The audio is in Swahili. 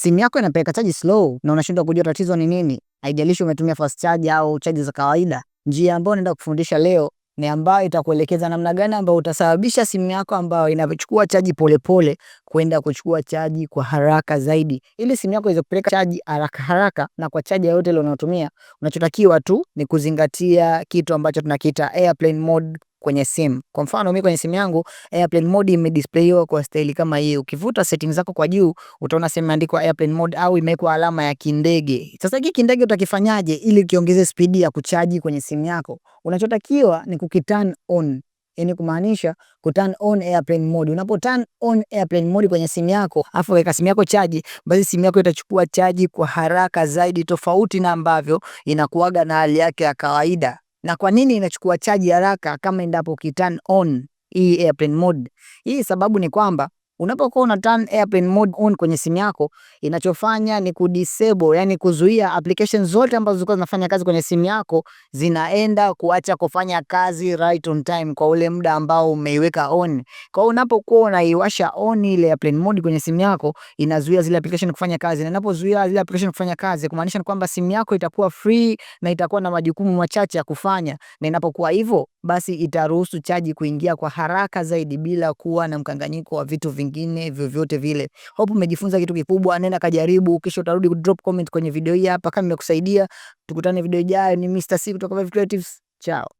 simu yako inapeleka chaji slow na unashindwa kujua tatizo ni nini. Haijalishi umetumia fast charge au chaji za kawaida. Njia ambayo naenda kufundisha leo ni ambayo itakuelekeza namna gani ambayo utasababisha simu yako ambayo inachukua chaji polepole kwenda kuchukua chaji kwa haraka zaidi, ili simu yako iweze kupeleka chaji haraka haraka na kwa chaji yoyote ile unayotumia. Unachotakiwa tu ni kuzingatia kitu ambacho tunakiita airplane mode kwenye simu. Kwa mfano mimi kwenye simu yangu airplane mode imedisplayiwa kwa staili kama hii. Ukivuta setting zako kwa juu utaona sehemu imeandikwa airplane mode au imewekwa alama ya kindege. Sasa hiki kindege utakifanyaje ili kiongeze speed ya kuchaji kwenye simu yako? Unachotakiwa ni kukiturn on. Yaani kumaanisha kuturn on airplane mode. Unapo turn on airplane mode kwenye simu yako, afu weka simu yako chaji, basi simu yako itachukua chaji kwa haraka zaidi tofauti na ambavyo inakuaga na hali yake ya kawaida. Na kwa nini inachukua chaji haraka kama endapo ukiturn on hii airplane mode? Hii sababu ni kwamba Unapokuwa una turn airplane mode on kwenye simu yako, inachofanya ni ku disable, yani kuzuia application zote ambazo zilikuwa zinafanya kazi kwenye simu yako zinaenda kuacha kufanya kazi right on time kwa ule muda ambao umeiweka on. Kwa hiyo unapokuwa unaiwasha on ile airplane mode kwenye simu yako, inazuia zile application kufanya kazi, na inapozuia zile application kufanya kazi, kumaanisha kwamba simu yako itakuwa free na itakuwa na majukumu machache ya kufanya, na inapokuwa hivyo, basi itaruhusu chaji kuingia kwa haraka zaidi bila kuwa na mkanganyiko wa vitu vingi vingine vyovyote vile. Hope umejifunza kitu kikubwa, nenda kajaribu, kisha utarudi kudrop comment kwenye video hii hapa kama imekusaidia. Tukutane video ijayo. Ni Mr. C kutoka Vibe Creatives. chao.